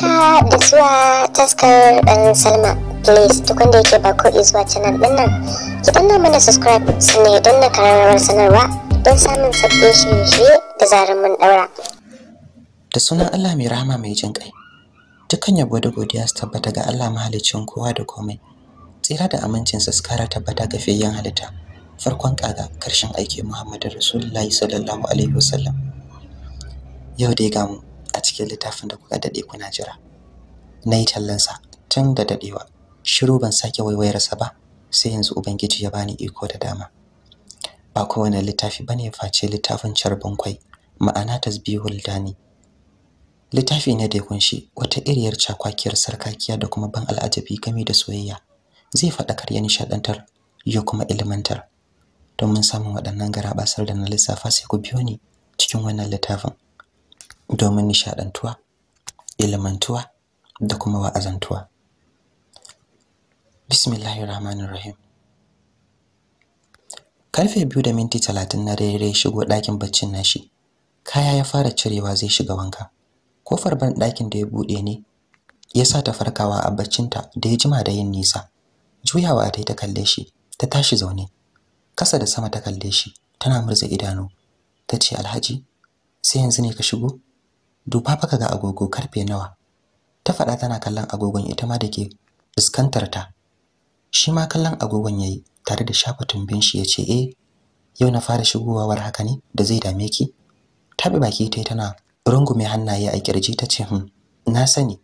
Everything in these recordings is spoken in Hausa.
haka da zuwa taskar dan salma please duk wanda yake ba ko zuwa canal din nan ki danna mana subscribe sannan ya danna karamar sanarwa don samun sabbin shirye-shirye da zarar mun daura da sunan allah mai rahama mai jin kai dukkan yabo da godiya su tabbata ga allah mahaliccin kowa da komai tsira da amincin su kara tabbata ga fiyayyen halitta farkon kaga karshen aiki muhammadu rasulullahi sallallahu alaihi wasallam yau dai ga mu a cikin littafin da kuka dade kuna jira na yi sa tun da dadewa shiru ban sake waiwayarsa ba sai yanzu ubangiji ya bani iko da dama ba kowane littafi bane face littafin charbon kwai ma'ana tasbihul dani littafi ne da ya kunshi wata iriyar cakwakiyar sarkakiya da kuma ban al'ajabi game da soyayya zai faɗakar karya nishadantar ya kuma ilmantar don mun samu waɗannan garabasar da na lissafa sai ku biyo ni cikin wannan littafin domin nishadantuwa ilmantuwa da kuma wa'azantuwa Bismillahirrahmanirrahim Karfe biyu da minti talatin na rere shigo ɗakin baccin nashi kaya ya fara cirewa zai shiga wanka kofar ban dakin da ya buɗe ne ya sa ta farkawa a baccinta da ya jima da yin nisa juyawa ta ta kalle shi ta tashi zaune kasa da sama ta kalle shi tana murza idanu ta ce alhaji sai yanzu ne ka shigo duba fa kaga agogo karfe nawa ta faɗa tana kallon agogon ita ma dake fuskantar ta shi ma kallon agogon yayi tare da shafa tumbin shi yace eh yau na fara shigowa war haka ne da zai dame ki tabi baki tai tana rungume hannaye a kirji tace hm na sani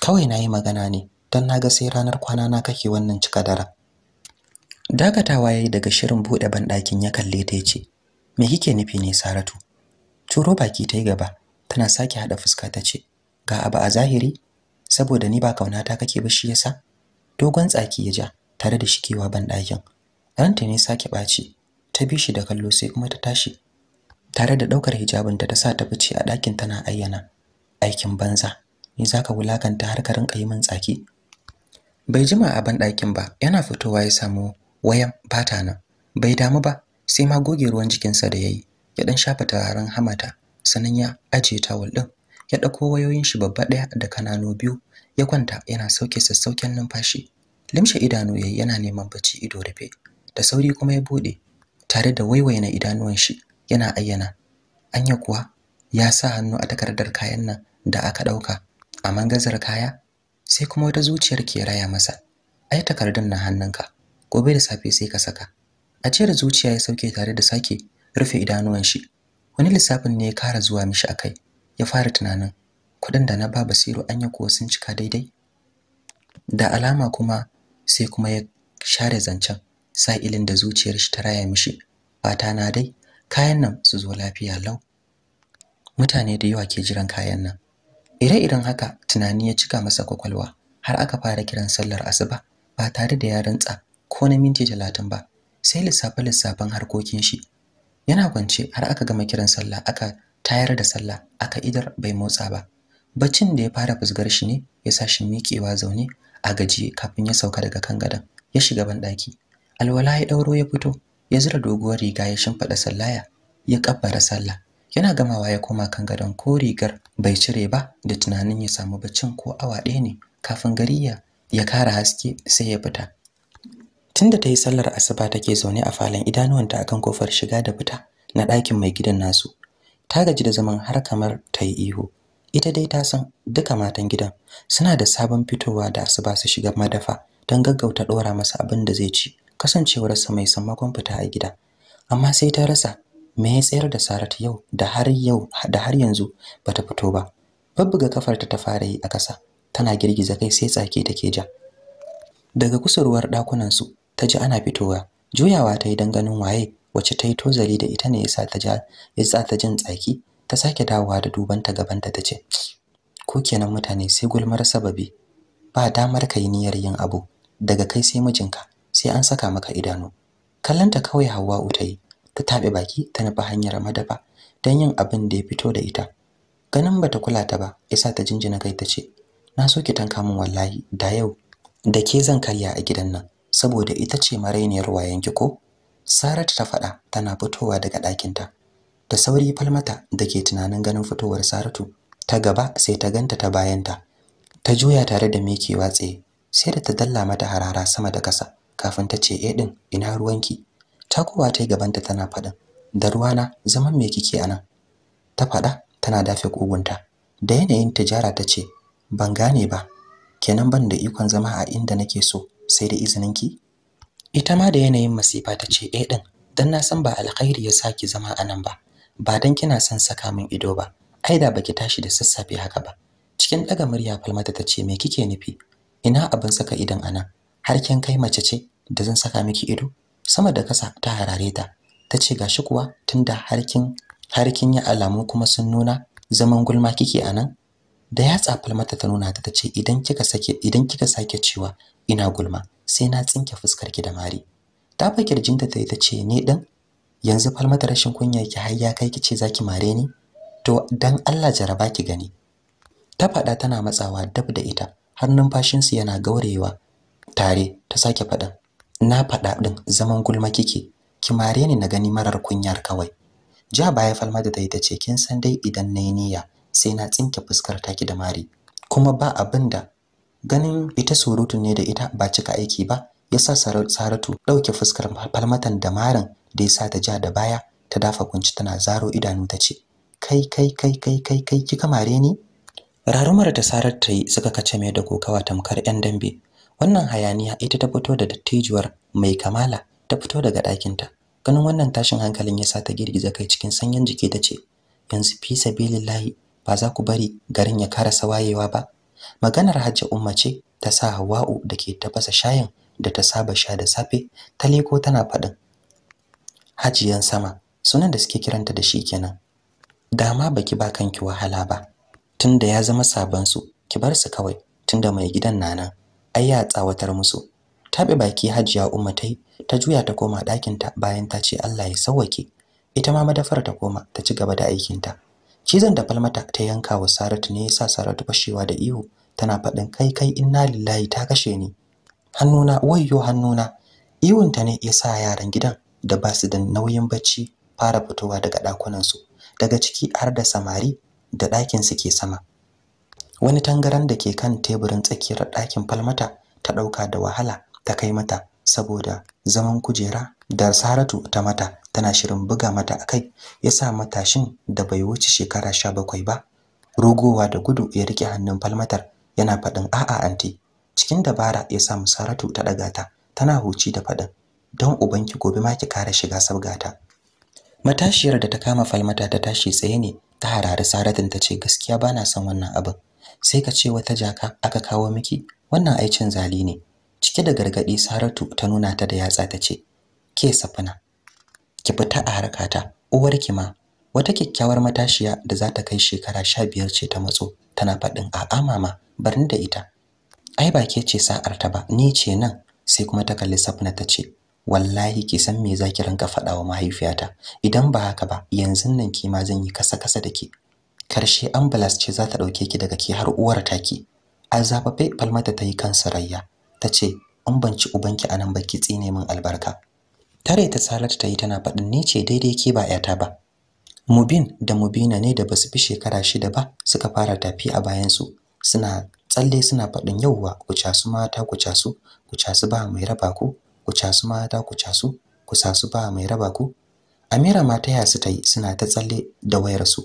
kawai nayi magana ne dan naga sai ranar kwana na kake wannan cika dara dakatawa yayi daga shirin bude banɗakin ya kalle ta yace me kike nufi ne Saratu turo baki tai gaba tana sake hada fuska ta ce ga abu a zahiri saboda ni ba kaunata kake ba shi yasa dogon tsaki ya ja tare da shikewa ban ɗakin ranta ne sake ɓaci ta bi shi da kallo sai kuma ta tashi tare da ɗaukar hijabinta ta sa ta fice a ɗakin tana ayyana aikin banza ni ka wulakanta har ka rinka yi min tsaki bai jima a ban ɗakin ba yana fitowa ya samu wayan bata nan bai damu ba sai ma goge ruwan jikinsa da yayi ya dan shafa turaren hamata sannan ya ajiye tawul din ya ɗauko wayoyin shi babba ɗaya da kananu biyu ya kwanta yana sauke sassauken numfashi limshe idanu yayi yana neman bacci ido rufe da sauri kuma ya bude tare da waiwayena idanuwan shi yana ayyana anya kuwa ya sa hannu a takardar kayan nan da aka dauka a mangazar kaya sai kuma wata zuciyar ke raya masa ai takardun nan hannunka gobe da safe sai ka saka a cire zuciya ya sauke tare da sake rufe idanuwan shi wani lissafin ne ya kara zuwa mishi a kai ya fara tunanin kuɗin da na ba basiru anya kuwa sun cika daidai da alama kuma sai kuma ya share zancen sa'ilin da zuciyar shi ta raya mishi fata na dai kayan nan su zo lafiya lau mutane da yawa ke jiran kayan nan ire-iren haka tunani ya cika masa kwakwalwa har aka fara kiran sallar asuba ba tare da ya rantsa ko na minti talatin ba sai lissafe-lissafen harkokin shi yana kwance har aka gama kiran sallah aka tayar da sallah aka idar bai motsa ba baccin da ya fara fusgar shi ne ya sa shi miƙewa zaune a gaji kafin ya sauka daga kan gadon ya shiga banɗaki alwala ya ɗauro ya fito ya zura doguwar riga ya shimfiɗa sallaya ya kabbara sallah yana gamawa ya koma kan gadon ko rigar bai cire ba da tunanin ya samu baccin ko awa ɗaya ne kafin gari ya kara haske sai ya fita Tunda ta yi sallar asuba take zaune a falon idanuwanta akan kofar shiga da fita na ɗakin mai gidan nasu. Ta gaji da zaman har kamar ta yi ihu. Ita dai ta san duka matan gidan suna da sabon fitowa da asuba su shiga madafa don gaggauta ɗora masa abin da zai ci kasancewarsa mai sammakon fita a gida. Amma sai ta rasa me ya tsayar da Sarat yau da har yau da har yanzu bata fito ba. Babbuga kafarta ta fara yi a ƙasa tana girgiza kai sai tsake take ja. Daga kusurwar ɗakunan su ta ji ana fitowa juyawa ta yi don ganin waye wacce ta yi tozali da ita ne yasa ta ta jin tsaki ta sake dawowa da duban ta gaban ta tace ko kenan mutane sai gulmar sababi ba damar kai niyyar yin abu daga kai sai mijinka sai an saka maka idanu kallanta kawai Hauwa utai ta tabe baki ta nufa hanyar madafa don yin abin da ya fito da ita ganin bata kula ta ba yasa ta jinjina kai ta ce. na so ki tanka min wallahi da yau da ke zan karya a gidan nan saboda ita ce marainiyar wayanki ko Saratu ta faɗa tana fitowa daga ɗakinta da sauri falmata da ke tunanin ganin fitowar Saratu ta gaba sai ta ganta ta bayanta ta juya tare da mekewa tsaye sai da ta dalla mata harara sama da kasa kafin ta ce eh din ina ruwanki ta kowa ta gabanta tana faɗin da ruwana zaman me kike anan ta faɗa tana dafe kugunta da yanayin tijara ta ce ban gane ba kenan ban da ikon zama a inda nake so sai da ki? ita ma da yanayin masifa ta ce eh din dan na san ba alkhairi ya saki zama a nan ba ba dan kina son saka min ido ba ai da baki tashi da sassafe haka ba cikin ɗaga murya falmata ta ce me kike nufi ina abin saka idan anan har kin kai mace ce da zan saka miki ido sama da kasa ta harare ta ta ce gashi kuwa tunda har harkin ya alamu kuma sun nuna zaman gulma kike a nan? da yatsa falmata ta nuna ta ce idan kika sake idan kika sake cewa ina gulma sai na tsinke fuskar ki da mari ta fa kirjinta ta ita ce ni yanzu falmata rashin kunya ki har ya kai kice zaki mare ni to dan Allah jaraba ki gani ta faɗa tana matsawa dab da ita har numfashinsu yana gaurewa tare ta sake faɗa na faɗa din zaman gulma kike ki mare ni na gani marar kunyar kawai ja baya falmata ta ita ce kin san dai idan nayi niyya sai na tsinke fuskar ta ki da mari kuma ba abinda. ganin ita surutu ne da ita ba cika aiki ba ya sa saratu ɗauke fuskar falmatan da marin da ya sa ta ja da baya ta dafa kunci tana zaro idanu ta ce kai kai kai kai kai kai kika mare ni rarumar da sarar ta yi suka kace mai da kokawa tamkar yan dambe wannan hayaniya ita ta fito da dattijuwar mai kamala ta fito daga ɗakinta ganin wannan tashin hankalin ya sa ta girgiza kai cikin sanyin jiki ta ce yanzu fi sabilillahi ba za ku bari garin ya karasa wayewa ba maganar hajji umma ce ta sa hawa'u da ke tafasa shayin da ta saba sha da safe ta leko tana faɗin hajiyan sama sunan da suke kiranta da shi kenan dama baki ba kanki wahala ba tunda ya zama sabon su ki bar su kawai tunda mai gidan nana ai ya tsawatar musu tabe baki hajiya umma tai ta juya ta koma ɗakinta bayan ta ce Allah ya sauwake ita ma madafar ta koma ta ci gaba da aikinta cizon da falmata ta yanka wa saratu ne yasa saratu fashewa da ihu tana faɗin kai kai inna lillahi ta kashe ni hannuna wayyo hannuna ihunta ne ya sa yaran gidan da ba su da nauyin bacci fara fitowa daga ɗakunansu daga ciki har da samari da su ke sama wani tangaran da ke kan teburin tsakiyar ɗakin falmata ta ɗauka da wahala ta kai mata saboda zaman kujera da Saratu ta mata tana shirin buga mata akai ya sa matashin da bai wuce shekara 17 ba Rogowa da gudu ya rike hannun falmatar yana faɗin a'a anti cikin dabara ya sa Saratu ta daga ta tana huci da faɗin don ubanki gobe ma ki kara shiga sabgata matashiyar da ta kama falmata ta tashi tsaye ne ta harare Saratun ta ce gaskiya bana son wannan abin sai ka ce wata jaka aka kawo miki wannan aicin zali ne cike da gargadi Saratu ta nuna ta da yatsa ta ce ke safina ki fita a harkata uwarki ma wata kyakkyawar matashiya da za ta kai shekara sha biyar ce ta matso tana faɗin A mama barni da ita ai ba ke ce sa'ar ta ba ni ce nan sai kuma ta kalli safina ta ce wallahi ki san me zaki rinka faɗa wa mahaifiyata idan ba haka ba yanzu nan ki ma zan yi kasa kasa da ke karshe ambulance ce za ta dauke ki daga ke har uwar taki azababe falmata ta yi kan sarayya ta ce in ban ci ubanki a nan baki tsine min albarka tare ta salatu ta yi tana faɗin ni ce daidai ke ba 'yata ba mubin da mubina ne da basu fi shekara shida ba suka fara tafi a bayansu suna tsalle suna faɗin yauwa ku casu mata ku casu ku casu ba mai raba ku ku casu mata ku casu ku sasu ba mai raba ku amira ma ta su ta yi suna ta tsalle da wayarsu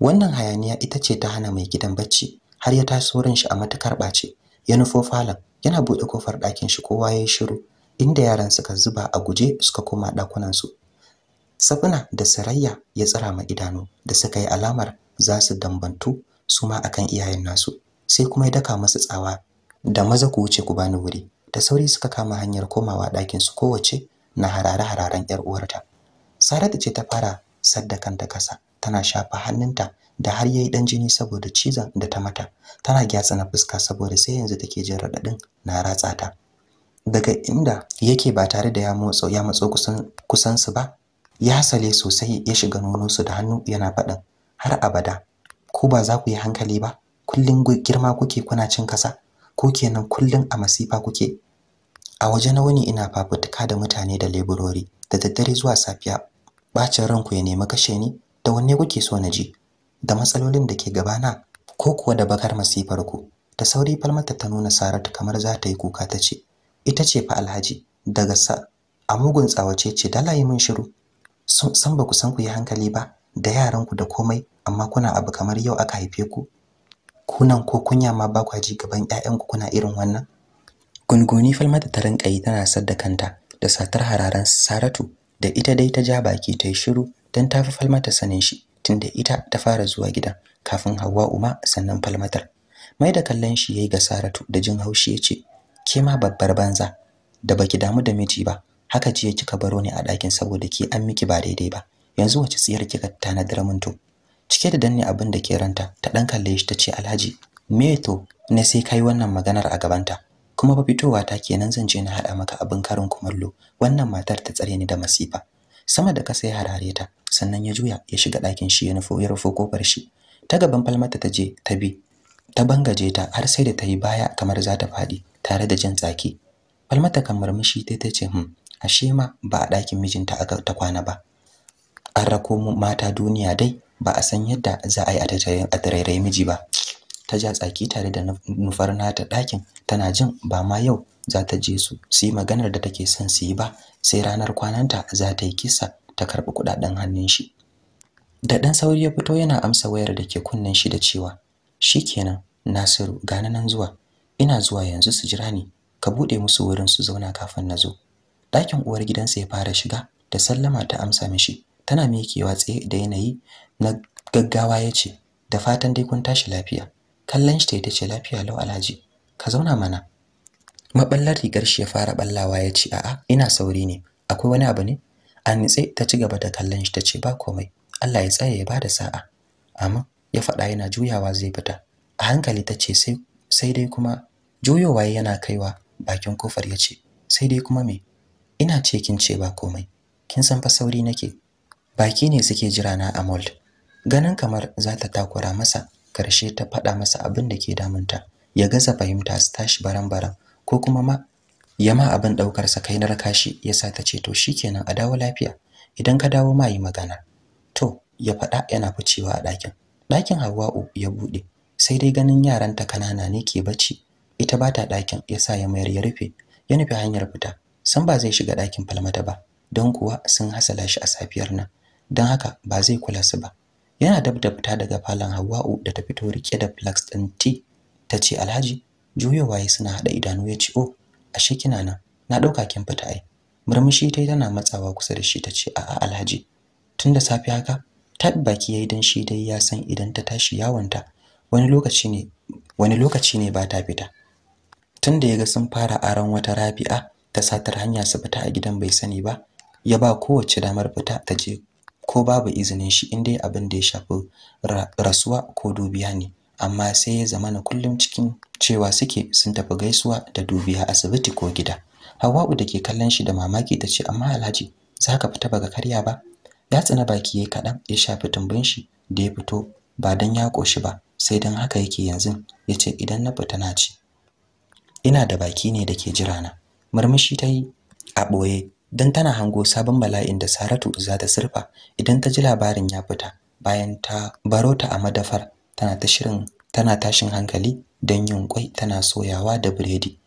wannan hayaniya ita ce ta hana mai gidan bacci har ya taso ran shi a matakar ɓace ya nufo falon yana buɗe kofar ɗakin shi kowa ya yi shiru inda yaran suka zuba a guje suka koma ɗakunansu safina da sarayya ya tsara ma idanu da suka yi alamar za su dambantu su ma akan iyayen nasu sai kuma ya daka masu tsawa da maza ku wuce ku bani wuri da sauri suka kama hanyar komawa ɗakinsu su kowace na harare hararen yar uwarta saratu ce ta fara sadda kanta kasa tana shafa hannunta da har yayi dan jini saboda cizon da ta mata tana gyatsa na fuska saboda sai yanzu take jin radadin na ratsa ta daga inda yake ba tare da ya motsa ya matso kusan kusan su ba ya sale sosai ya shiga nono su da hannu yana faɗin har abada ko ba za ku yi hankali ba kullun girma kuke kuna cin kasa ko kenan kullun a masifa kuke a waje na wani ina fafutuka da mutane da leburori da daddare zuwa safiya bacin ranku ya nemi kashe ni da wanne kuke so na ji da matsalolin da ke gabana ko kuwa da bakar masifar ku da sauri falmata ta nuna saratu kamar za ta yi kuka ta ce ita ce fa alhaji daga sa a mugun tsawace ce da layi mun shiru san ba ku san ku yi hankali ba da yaranku da komai amma kuna abu kamar yau aka haife ku kunan ko kunya ma ba kwa ji gaban ƴaƴanku kuna irin wannan gunguni falmata ta rinka yi tana sadda kanta da satar hararan saratu da ita dai ta ja baki ta yi shiru don ta fi falmata sanin shi tun da ita ta fara zuwa gidan kafin Hauwa Uma sannan falmatar. Mai da kallon shi yayi ga Saratu da jin haushi yace ke ma babbar banza da baki damu da miji ba haka jiya kika baro ni a ɗakin saboda ki an miki ba daidai ba yanzu wace tsiyar kika tana min to cike da danne abin da ke ranta ta dan kalle shi ta tace Alhaji me to ne sai kai wannan maganar a gabanta kuma ba fitowa ta kenan zan je na haɗa maka abin karin kumallo wannan matar ta tsare ni da masifa sama da ƙasa ya harare ta sannan ya juya ya shiga ɗakin shi ya nufo ya rufo kofar shi ta gaban falmata ta je ta bi ta bangaje ta har sai da ta yi baya kamar za ta faɗi tare da jin tsaki falmata kan murmushi ta ta ce hmm ashe ma ba a ɗakin mijinta aka ta kwana ba an rako mu mata duniya dai ba a san yadda za a yi a tarairayi miji ba ta ja tsaki tare da nufar nata ɗakin tana jin ba ma yau za ta je su su yi maganar da take son su yi ba sai ranar kwananta za ta yi kisa ta karɓi kuɗaɗen hannun shi da ɗan sauri ya fito yana amsa wayar da ke kunnen shi da cewa shi kenan, Nasiru gane nan zuwa ina zuwa yanzu su jira ni ka buɗe musu wurin su zauna kafin na zo ɗakin uwar gidansa ya fara shiga da sallama ta amsa mishi tana mikewa tsaye da yanayi na gaggawa ya ce da fatan dai kun tashi lafiya kallon shi ta ce lafiya lau alhaji ka zauna mana maballar rigar shi ya fara ballawa ya ce a'a ina sauri ne akwai wani abu ne a nitse ta ci gaba da kallon shi ta ce ba komai Allah ya tsaya ya bada sa'a amma ya faɗa yana juyawa zai fita a hankali ta ce sai dai kuma juyowa yana kaiwa bakin kofar ya ce sai dai kuma me ina ce kin ce ba komai kin san fa sauri nake baki ne suke jira na a mold ganin kamar za ta takura masa karshe ta faɗa masa abin da ke damunta ya gaza fahimta su tashi baran-baran ko kuma ma ya ma abin daukar sa kai na raka shi yasa ta ce to shikenan a dawo lafiya idan ka dawo ma magana to ya faɗa yana ficewa a ɗakin ɗakin Hawwa'u ya buɗe sai dai ganin yaran ta kanana ne ke bacci ita bata ta ɗakin yasa ya mayar ya rufe ya nufi hanyar fita san ba zai shiga ɗakin falmata ba don kuwa sun hasala shi a safiyar nan don haka ba zai kula su ba yana dab fita daga falon Hawwa'u da ta fito rike da flax ɗin tea ta ce Alhaji juyo ya suna haɗa idanu ya ce oh ashe kina nan na ɗauka kin fita ai murmushi ta tana matsawa kusa da shi ta ce a'a alhaji tun da safe haka ta baki yayi dan shi dai ya san idan ta tashi yawanta wani lokaci ne wani lokaci ne ba ta fita Tunda da ga sun fara aron wata rabi'a ta satar hanya su fita a gidan bai sani ba ya ba kowace damar fita ta je ko babu izinin shi in dai abin da ya shafi rasuwa ko dubiya ne amma sai ya zama na kullum cikin cewa suke sun tafi gaisuwa da dubiya asibiti ko gida hawa'u da ke kallon shi da mamaki ta ce amma Alhaji za ka fita baga karya ba ya tsina baki ya kaɗan ya shafi tumbin shi da ya fito ba dan ya ƙoshi ba sai dan haka yake yanzu ya ce idan na fita na ci ina da baki ne dake jira na murmushi ta yi a boye dan tana hango sabon bala'in da Saratu za ta surfa idan ta ji labarin ya fita bayan ta baro ta a madafar tana ta shirin tana tashin hankali don yin kwai tana soyawa da biredi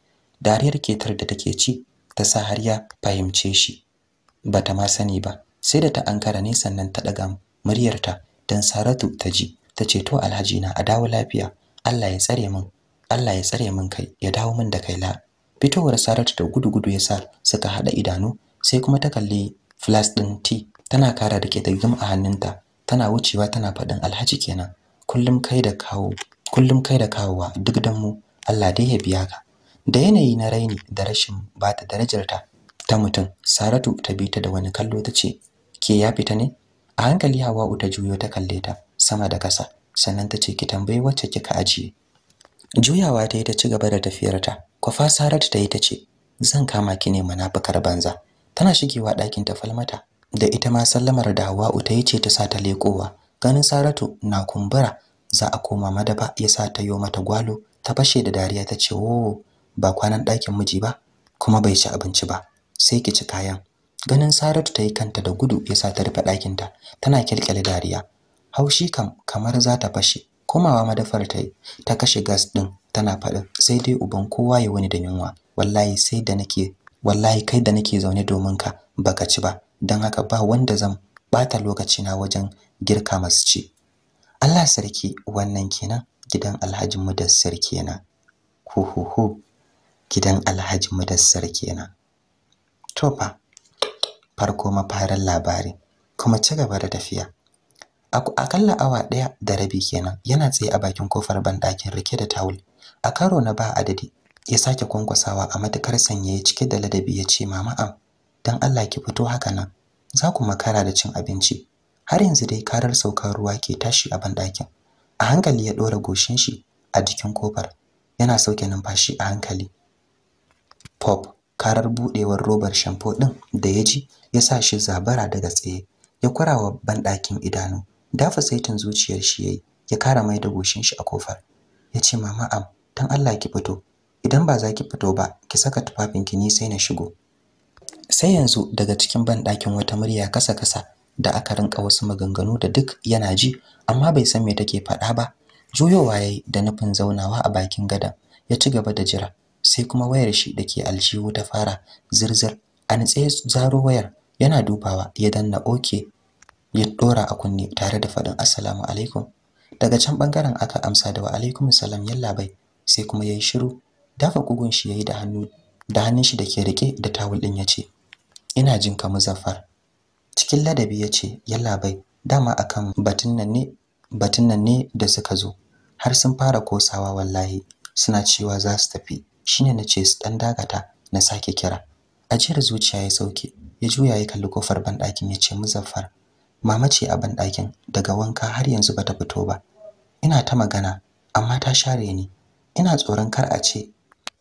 dariyar ketar da take ci ta sa har ya fahimce shi Ba ta ma sani ba sai da ta ankara ne sannan ta daga muryarta Don Saratu ta ji ta to Alhaji na a dawo lafiya Allah ya tsare min Allah ya tsare min kai ya dawo min da kai la fitowar Saratu da gudu-gudu ya sa suka hada idanu sai kuma ta kalli flask din tea tana kara rike da gum a hannunta tana wucewa tana faɗin Alhaji kenan kullum kai da kawo kullum kai da kawowa duk dan mu Allah dai ya biya ka da yanayi na raini da rashin ba ta darajar ta ta mutum Saratu ta bi ta da wani kallo ta ce ke ya fita ne a hankali Hawa'u uta juyo ta kalle ta sama da kasa sannan ta ce ki tambayi wacce kika ajiye juyawa ta yi ta ci gaba da tafiyar ta kwafa Saratu ta yi ta ce zan kama ki ne munafikar banza tana shigewa ɗakin ta falmata da ita ma sallamar da Hawa'u ta yi ce ta sa ta leƙowa. ganin Saratu na kumbura za a koma madafa sa ta yo mata gwalo ta fashe da dariya ta ce "Oh, ba kwanan ɗakin miji ba kuma bai ci abinci ba sai ki ci kayan." Ganin Saratu ta yi kanta da gudu ya sa ta rufe ɗakinta tana kyalkyale dariya. Haushi kam kamar za ta fashe komawa madafar ta ta kashe gas ɗin tana faɗin sai dai uban kowa ya wani da yunwa wallahi sai da nake wallahi kai da nake zaune domin ka baka ci ba don haka ba wanda zan bata lokaci na wajen girka masu ci Allah sarki wannan kenan gidan Alhaji Mudassar kenan ho ho ho gidan Alhaji Mudassar kenan to fa farko mafarin labari kuma ci gaba da tafiya akalla awa daya da rabi kenan yana tsaye a bakin kofar banɗakin rike da tawul a karo na ba adadi ya sake kwankwasawa a matukar ya cike da ladabi ya ce mama am dan Allah ki fito haka nan za ku makara da cin abinci har yanzu dai karar saukar ruwa ke tashi a banɗakin a hankali ya ɗora goshin shi a jikin kofar yana sauke numfashi a hankali pop karar buɗewar robar shampo ɗin da ya ji ya sa shi zabara daga tsaye ya kurawa banɗakin idanu dafa saitin zuciyar shi yayi ya kara mai da goshin shi a kofar ya ce mama am dan Allah ki fito idan ba za ki fito ba ki saka tufafinki ni sai na shigo sai yanzu daga cikin banɗakin wata murya kasa kasa da aka rinka wasu maganganu da duk yana ji amma bai san me take faɗa ba juyowa yayi da nufin zaunawa a bakin gadan ya ci gaba da jira sai kuma wayar shi dake aljihu ta fara zirzir an tsaye zaro wayar yana dubawa ya danna oke ya dora a kunne tare da faɗin assalamu alaikum daga can bangaren aka amsa da wa alaikum salam bai sai kuma yayi shiru dafa kugun shi yayi da hannu da hannun shi dake rike da tawul din yace ina jin ka muzaffar cikin ladabi ya ce yallaɓai dama akan batun nan ne batun nan ne da suka zo har sun fara kosawa wallahi suna cewa za su tafi shine na ce su dan dakata na sake kira ajiyar zuciya ya sauke ya juya ya kalli kofar banɗakin ya ce muzaffar mama ce a banɗakin daga wanka har yanzu bata fito ba ina ta magana amma ta share ni ina tsoron kar a ce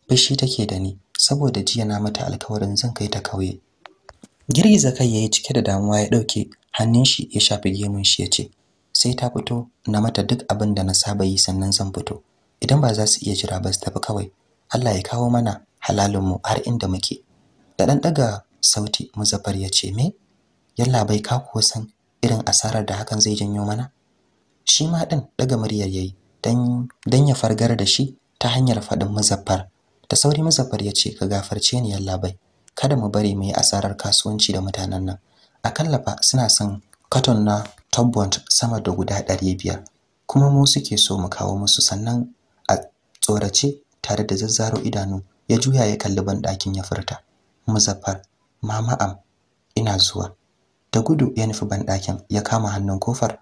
bishi take da ni saboda jiya na mata alkawarin zan kai ta kauye girgiza kai yayi cike da damuwa ya dauke hannun shi ya shafi gemun shi yace sai ta fito na mata duk abin da na saba yi sannan zan fito idan ba za su iya jira ba su tafi kawai Allah ya kawo mana halalin mu har inda muke da dan daga sauti muzaffar yace me yalla bai ka ko san irin asarar da hakan zai janyo mana shi ma din daga muryar yayi dan dan ya fargar da shi ta hanyar fadin muzaffar ta sauri muzaffar ya ce ka gafarce ni yalla bai kada mu bari mu yi asarar kasuwanci da mutanen nan akalla fa suna son katon na tobbont sama da guda ɗari biyar, kuma mu suke so mu kawo musu sannan a tsorace tare da zazzaro idanu ya juya ya kalli ban ɗakin ya furta muzaffar mama am ina zuwa da gudu ya nufi ban ɗakin ya kama hannun kofar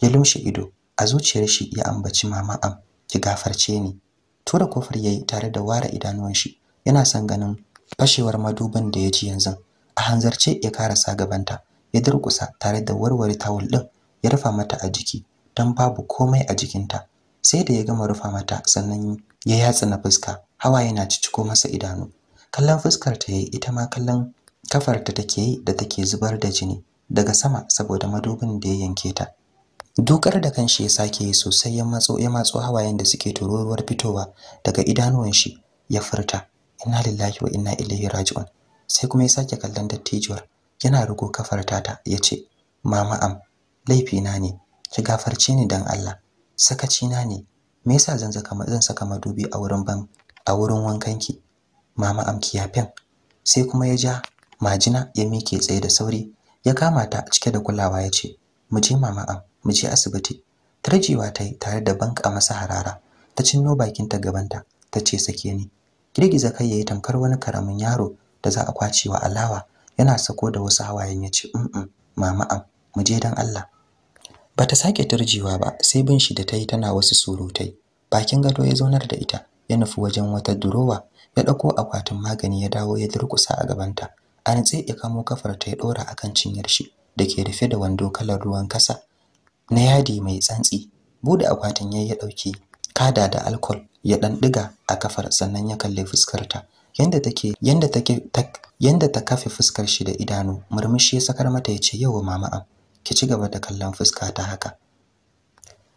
ya lumshe ido a zuciyar shi ya ambaci mama am ki gafarce ni tura kofar yayi tare da ware idanuwan shi yana son ganin fashewar madubin da ya ji yanzu a hanzarce ya karasa gabanta ya durƙusa tare da warware tawul ɗin ya rufa mata a jiki dan babu komai a jikinta sai da ya gama rufa mata sannan ya yatsa na fuska hawa yana ciciko masa idanu kallon fuskar ta yayi ita ma kallon kafar ta take yi da take zubar da jini daga sama saboda madubin da ya yanke ta dukar da kanshi ya sake yi sosai ya matso ya matso hawayen da suke tururuwar fitowa daga idanuwan shi ya furta inna lillahi wa inna ilaihi raji'un sai kuma ya sake kallon dattijuwar yana rigo kafar tata yace mama am laifi na ne ki gafarce ni dan Allah sakaci na ne me yasa zan saka zan saka madubi a wurin ban a wurin wankanki mama am kiyafin sai kuma ya ja majina ya mike tsaye da sauri ya kama ta cike da kulawa yace ce mu je mama am mu je asibiti tarjiwa ta tare da banka masa harara ta cinno bakinta gabanta ta ce sake ni girgiza kai yayi tamkar wani karamin yaro da za a kwace wa alawa yana sako da wasu hawayen ya ce um mama am mu je dan Allah bata sake turjewa ba sai bin shi da tayi tana wasu surutai bakin gado ya zaunar da ita ya nufi wajen wata durowa ya dauko akwatin magani ya dawo ya durkusa a gabanta a nitse ya kamo kafar ta ya dora akan cinyar shi da ke rufe da wando kalar ruwan kasa na yadi mai tsantsi bude akwatin yayi ya dauke kada da alcohol ya dan diga a kafar sannan ya kalle fuskarta yanda take yanda take yanda ta kafe fuskar shi da idanu murmushi ya sakar mata yace yawa mama am ki ci gaba da kallon fuska ta haka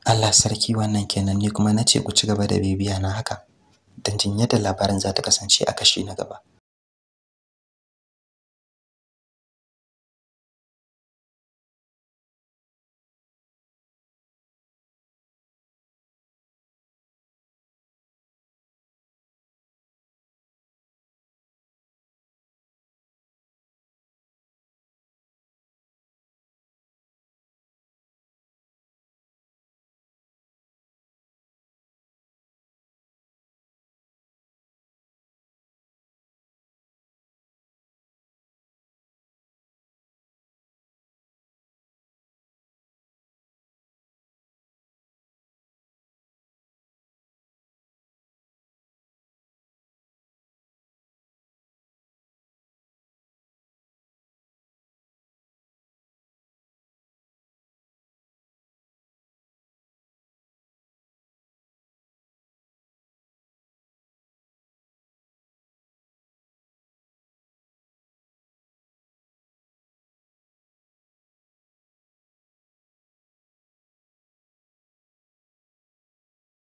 Allah sarki wannan kenan ni kuma nace ku ci gaba da bibiya na haka dan jin yadda labarin za ta kasance a kashi na gaba